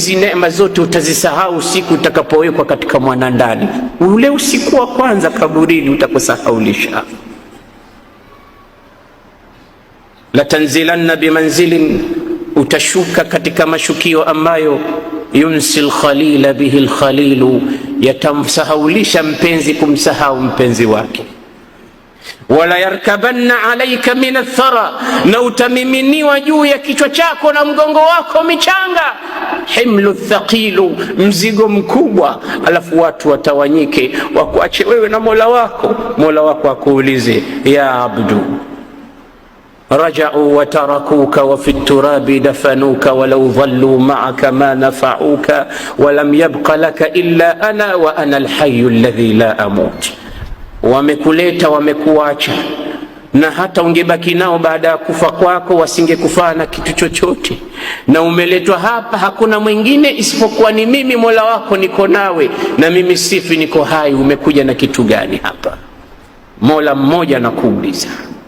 hizi neema zote utazisahau siku utakapowekwa katika mwana ndani Ule usiku wa kwanza kaburini utakusahaulisha. Latanzilanna bimanzilin, utashuka katika mashukio ambayo yunsi lkhalila bihi lkhalilu, yatamsahaulisha mpenzi kumsahau mpenzi wake wala yarkabanna alaika min athara, na utamiminiwa juu ya kichwa chako na mgongo wako michanga. Himlu thaqilu, mzigo mkubwa, alafu watu watawanyike wakuache wewe na mola wako. Mola wako akuulize ya abdu rajau watarakuka wa fi turabi dafanuka walau dhalluu maaka ma nafauka walam yabqa laka illa ana wa ana alhayu alladhi la amut wamekuleta wamekuacha, na hata ungebaki nao baada ya kufa kwako wasingekufaa na kitu chochote, na umeletwa hapa, hakuna mwingine isipokuwa ni mimi. Mola wako niko nawe, na mimi sifi, niko hai. Umekuja na kitu gani hapa? Mola mmoja anakuuliza.